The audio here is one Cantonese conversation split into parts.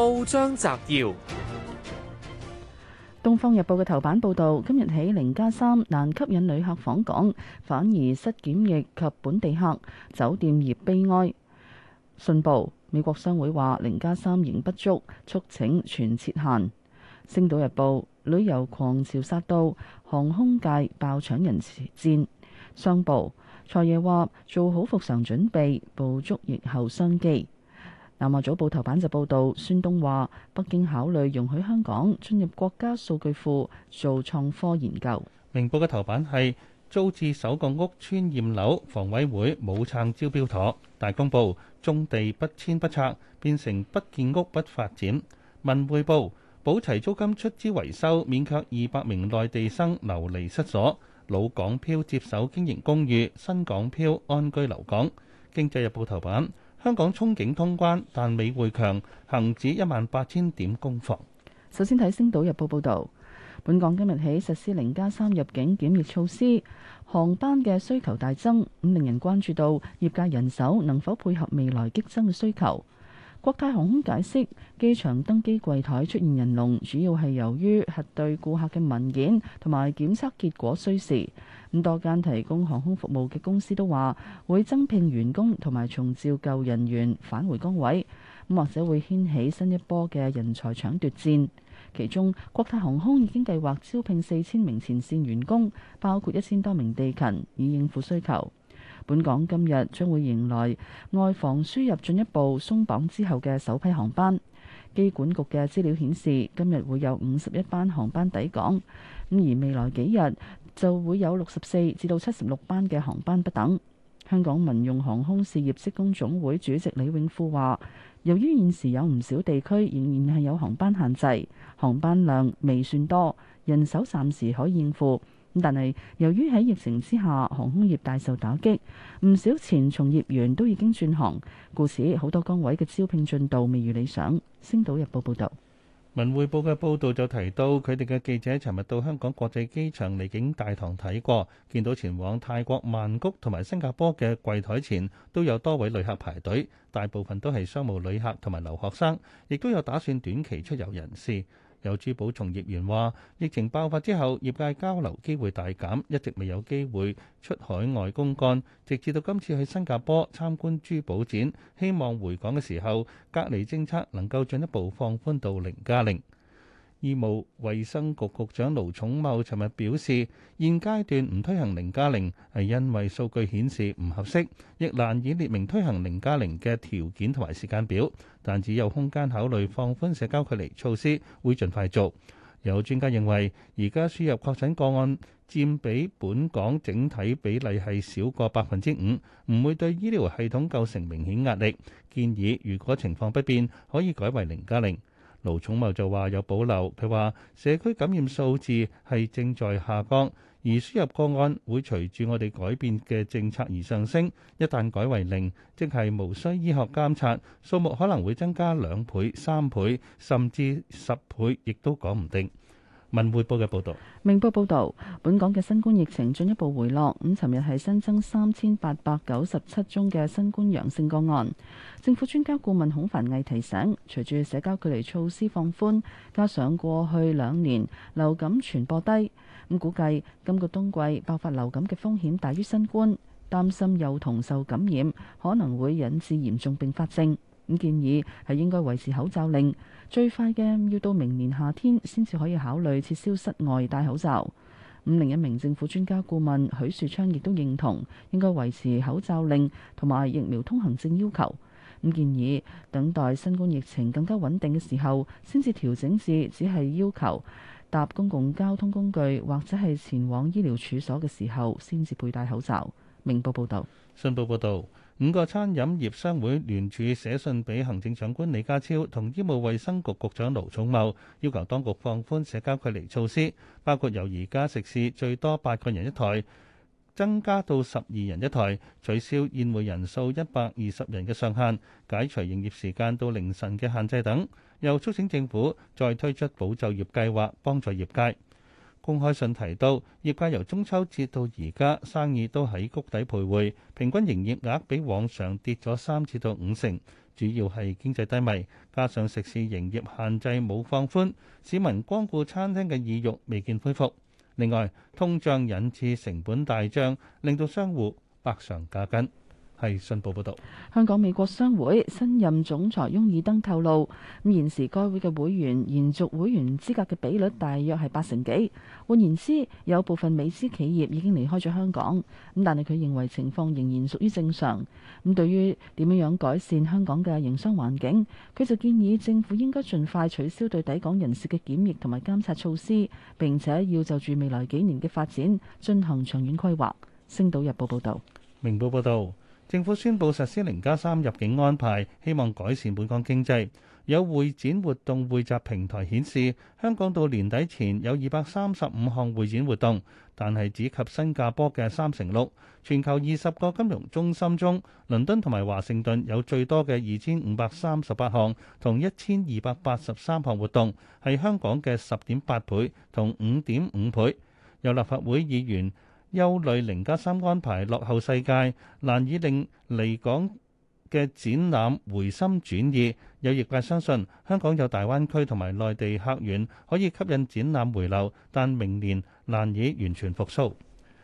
報章摘要：《東方日報》嘅頭版報道，今日起零加三難吸引旅客訪港，反而失檢疫及本地客，酒店業悲哀。信報：美國商會話零加三仍不足，促請全撤限。《星島日報》：旅遊狂潮殺到，航空界爆搶人戰。商報：財爺話做好復常準備，捕捉疫後商機。南華早報頭版就報道，孫東話北京考慮容許香港進入國家數據庫做創科研究。明報嘅頭版係租置首個屋村驗樓，房委會冇撐招標枱。大公報，中地不遷不拆，變成不建屋不發展。文匯報，保齊租金，出資維修，勉強二百名內地生流離失所。老港漂接手經營公寓，新港漂安居留港。經濟日報頭版。香港憧憬通關，但美匯強，恒指一萬八千點攻防。首先睇《星島日報》報道，本港今日起實施零加三入境檢疫措施，航班嘅需求大增，咁令人關注到業界人手能否配合未來激增嘅需求。國泰航空解釋，機場登機櫃台出現人龍，主要係由於核對顧客嘅文件同埋檢測結果需時。咁多間提供航空服務嘅公司都話會增聘員工同埋重召舊人員返回崗位，咁或者會掀起新一波嘅人才搶奪戰。其中，國泰航空已經計劃招聘四千名前線員工，包括一千多名地勤，以應付需求。本港今日將會迎來外防輸入進一步鬆綁之後嘅首批航班。機管局嘅資料顯示，今日會有五十一班航班抵港，咁而未來幾日，就會有六十四至到七十六班嘅航班不等。香港民用航空事業職工總會主席李永富話，由於現時有唔少地區仍然係有航班限制，航班量未算多，人手暫時可以應付。但係由於喺疫情之下，航空業大受打擊，唔少前從業員都已經轉行，故此好多崗位嘅招聘進度未如理想。星島日報報道。文匯報嘅報道就提到，佢哋嘅記者尋日到香港國際機場離境大堂睇過，見到前往泰國曼谷同埋新加坡嘅櫃台前都有多位旅客排隊，大部分都係商務旅客同埋留學生，亦都有打算短期出遊人士。有珠寶從業員話：疫情爆發之後，業界交流機會大減，一直未有機會出海外公幹，直至到今次去新加坡參觀珠寶展，希望回港嘅時候，隔離政策能夠進一步放寬到零加零。醫務衛生局局長盧寵茂尋日表示，現階段唔推行零加零，係因為數據顯示唔合適，亦難以列明推行零加零嘅條件同埋時間表。但只有空間考慮放寬社交距離措施，會盡快做。有專家認為，而家輸入確診個案佔比本港整體比例係少過百分之五，唔會對醫療系統構成明顯壓力。建議如果情況不變，可以改為零加零。盧寵茂就話有保留，佢話社區感染數字係正在下降，而輸入個案會隨住我哋改變嘅政策而上升。一旦改為零，即係無需醫學監察，數目可能會增加兩倍、三倍，甚至十倍，亦都講唔定。文匯報嘅報道，明報報道，本港嘅新冠疫情進一步回落。咁，尋日係新增三千八百九十七宗嘅新冠陽性個案。政府專家顧問孔繁毅提醒，隨住社交距離措施放寬，加上過去兩年流感傳播低，咁估計今個冬季爆發流感嘅風險大於新冠，擔心幼童受感染可能會引致嚴重併發症。咁建議係應該維持口罩令，最快嘅要到明年夏天先至可以考慮撤銷室外戴口罩。咁另一名政府專家顧問許樹昌亦都認同，應該維持口罩令同埋疫苗通行證要求。咁建議等待新冠疫情更加穩定嘅時候，先至調整至只係要求搭公共交通工具或者係前往醫療處所嘅時候先至佩戴口罩。明報報導，信報報導，五個餐飲業商會聯署寫信俾行政長官李家超同醫務衛生局局長盧寵茂，要求當局放寬社交距離措施，包括由而家食肆最多八個人一台，增加到十二人一台，取消宴會人數一百二十人嘅上限，解除營業時間到凌晨嘅限制等，又促請政府再推出保就業計劃幫助業界。公開信提到，業界由中秋節到而家生意都喺谷底徘徊，平均營業額比往常跌咗三至到五成，主要係經濟低迷，加上食肆營業限制冇放寬，市民光顧餐廳嘅意欲未見恢復。另外，通脹引致成本大漲，令到商戶百上加斤。係信報報道，香港美國商會新任總裁翁爾登透露，咁現時該會嘅會員延續會員資格嘅比率大約係八成幾。換言之，有部分美資企業已經離開咗香港。咁但係佢認為情況仍然屬於正常。咁對於點樣樣改善香港嘅營商環境，佢就建議政府應該盡快取消對抵港人士嘅檢疫同埋監察措施，並且要就住未來幾年嘅發展進行長遠規劃。星島日報報道，明報報道。政府宣布實施零加三入境安排，希望改善本港經濟。有會展活動匯集平台顯示，香港到年底前有二百三十五項會展活動，但係只及新加坡嘅三成六。全球二十個金融中心中，倫敦同埋華盛頓有最多嘅二千五百三十八項，同一千二百八十三項活動，係香港嘅十點八倍同五點五倍。有立法會議員憂慮零加三安排落後世界，難以令離港嘅展覽回心轉意。有業界相信香港有大灣區同埋內地客源可以吸引展覽回流，但明年難以完全復甦。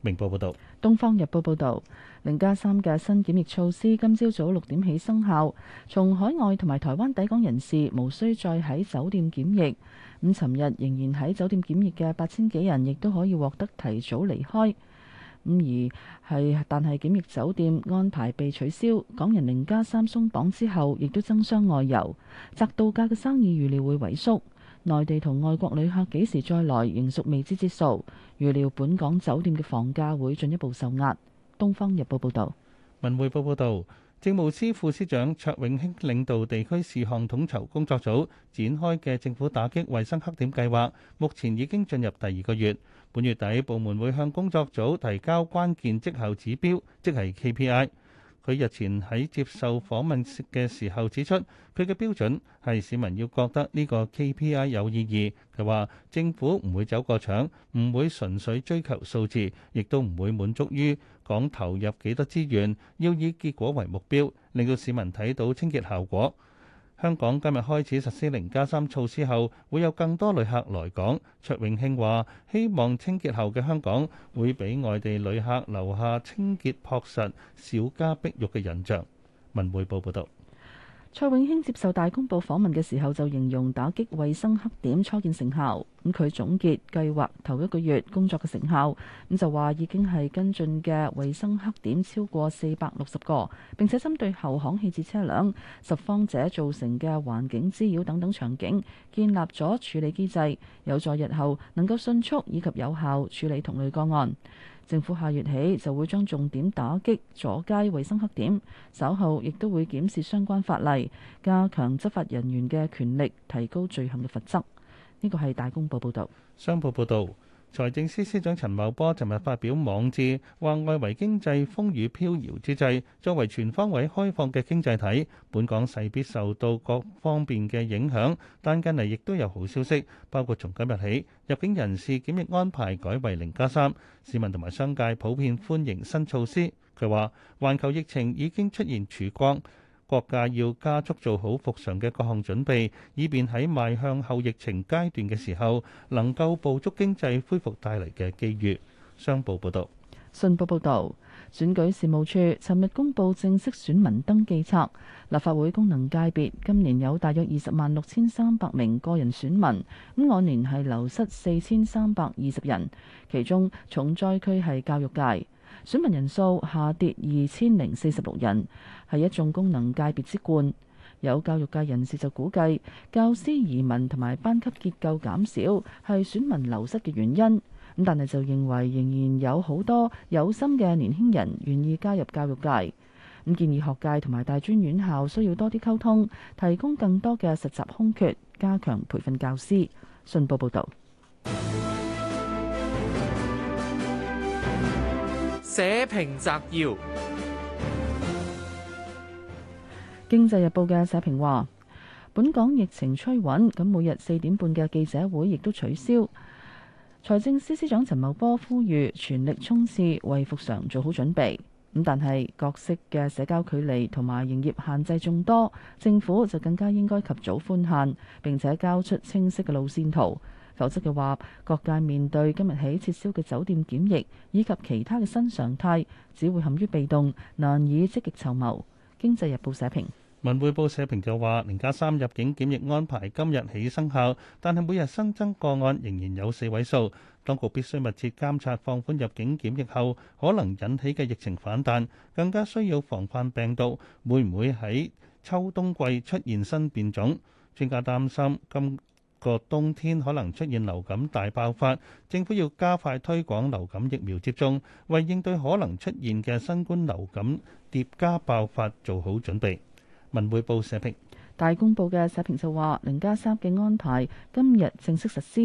明報報導，東方日報報導，零加三嘅新檢疫措施今朝早六點起生效，從海外同埋台灣抵港人士無需再喺酒店檢疫。咁、嗯、尋日仍然喺酒店檢疫嘅八千幾人，亦都可以獲得提早離開。咁、嗯、而係但係檢疫酒店安排被取消，港人零加三鬆綁之後，亦都爭相外遊，宅度假嘅生意預料會萎縮。內地同外國旅客幾時再來，仍屬未知之數。預料本港酒店嘅房價會進一步受壓。《東方日報》報道，《文匯報》報道，政務司副司長卓永興領導地區事項統籌工作組展開嘅政府打擊衞生黑點計劃，目前已經進入第二個月。本月底，部門會向工作組提交關鍵績效指標，即係 KPI。佢日前喺接受訪問嘅時候指出，佢嘅標準係市民要覺得呢個 KPI 有意義，佢話政府唔會走過場，唔會純粹追求數字，亦都唔會滿足於講投入幾多資源，要以結果為目標，令到市民睇到清潔效果。香港今日開始實施零加三措施後，會有更多旅客來港。卓永興話：希望清潔後嘅香港會俾外地旅客留下清潔、樸實、小家碧玉嘅印象。文匯報報道。蔡永興接受大公報訪問嘅時候就形容打擊衛生黑點初見成效。咁佢總結計劃頭一個月工作嘅成效，咁就話已經係跟進嘅衛生黑點超過四百六十個，並且針對後巷棄置車輛、拾荒者造成嘅環境滋擾等等場景，建立咗處理機制，有助日後能夠迅速以及有效處理同類個案。政府下月起就會將重點打擊阻街衞生黑點，稍後亦都會檢視相關法例，加強執法人員嘅權力，提高罪行嘅罰則。呢、這個係大公報報導，商報報導。財政司司長陳茂波尋日發表網誌，話外圍經濟風雨飄搖之際，作為全方位開放嘅經濟體，本港勢必受到各方面嘅影響。但近嚟亦都有好消息，包括從今日起入境人士檢疫安排改為零加三，3, 市民同埋商界普遍歡迎新措施。佢話環球疫情已經出現曙光。國家要加速做好復常嘅各項準備，以便喺邁向後疫情階段嘅時候，能夠捕捉經濟恢復帶嚟嘅機遇。商報報道：信報報導。選舉事務處尋日公布正式選民登記冊，立法會功能界別今年有大約二十萬六千三百名個人選民，咁按年係流失四千三百二十人，其中重災區係教育界。選民人數下跌二千零四十六人，係一眾功能界別之冠。有教育界人士就估計，教師移民同埋班級結構減少係選民流失嘅原因。咁但係就認為仍然有好多有心嘅年輕人願意加入教育界。咁建議學界同埋大專院校需要多啲溝通，提供更多嘅實習空缺，加強培訓教師。信報報道。社評摘要：經濟日報嘅社評話，本港疫情趨穩，咁每日四點半嘅記者會亦都取消。財政司司長陳茂波呼籲全力衝刺，為復常做好準備。咁但係各式嘅社交距離同埋營業限制眾多，政府就更加應該及早寬限，並且交出清晰嘅路線圖。否則嘅話，各界面對今日起撤銷嘅酒店檢疫以及其他嘅新常態，只會陷於被動，難以積極籌謀。經濟日報社評。文匯報社評就話，零加三入境檢疫安排今日起生效，但係每日新增個案仍然有四位數，當局必須密切監察放寬入境檢疫後可能引起嘅疫情反彈，更加需要防範病毒會唔會喺秋冬季出現新變種。專家擔心今個冬天可能出現流感大爆發，政府要加快推廣流感疫苗接種，為應對可能出現嘅新冠流感疊加爆發做好準備。文匯報社評。大公報嘅社評就話：零加三嘅安排今日正式實施，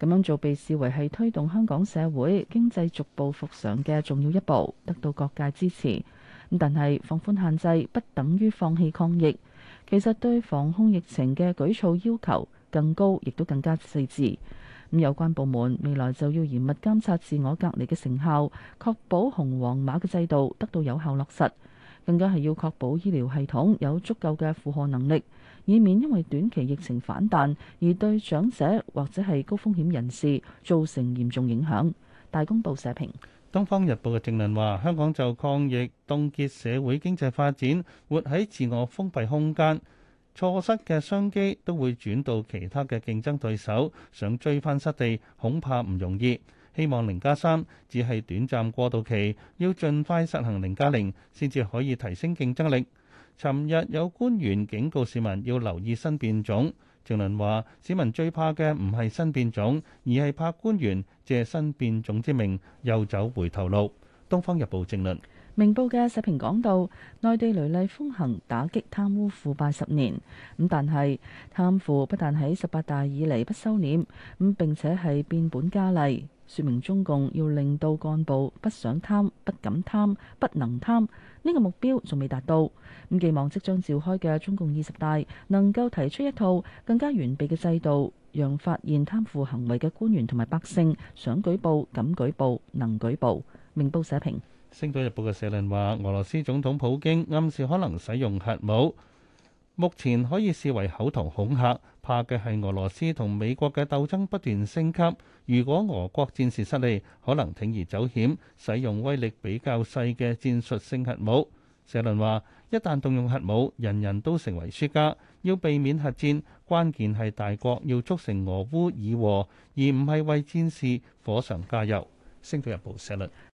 咁樣做被視為係推動香港社會經濟逐步復常嘅重要一步，得到各界支持。咁，但係放寬限制不等於放棄抗疫，其實對防控疫情嘅舉措要求更高，亦都更加細緻，咁有關部門未來就要嚴密監察自我隔離嘅成效，確保紅黃碼嘅制度得到有效落實，更加係要確保醫療系統有足夠嘅負荷能力，以免因為短期疫情反彈而對長者或者係高風險人士造成嚴重影響。大公報社評。東方日報嘅正論話香港就抗疫凍結社會經濟發展，活喺自我封閉空間。錯失嘅商機都會轉到其他嘅競爭對手，想追翻失地恐怕唔容易。希望零加三只係短暫過渡期，要盡快實行零加零，先至可以提升競爭力。尋日有官員警告市民要留意新變種，正論話市民最怕嘅唔係新變種，而係怕官員借新變種之名又走回頭路。《東方日報》正論。明報嘅社評講到，內地雷厲風行打擊貪污腐敗十年，咁但係貪腐不但喺十八大以嚟不收斂，咁並且係變本加厲，說明中共要令到幹部不想貪、不敢貪、不能貪，呢個目標仲未達到。咁寄望即將召開嘅中共二十大能夠提出一套更加完備嘅制度，讓發現貪腐行為嘅官員同埋百姓想舉報、敢舉報、能舉報。明報社評。《星島日報》嘅社論話：俄羅斯總統普京暗示可能使用核武，目前可以視為口頭恐嚇。怕嘅係俄羅斯同美國嘅鬥爭不斷升級。如果俄國戰事失利，可能鋌而走險，使用威力比較細嘅戰術性核武。社論話：一旦動用核武，人人都成為輸家。要避免核戰，關鍵係大國要促成俄烏以和，而唔係為戰事火上加油。《星島日報》社論。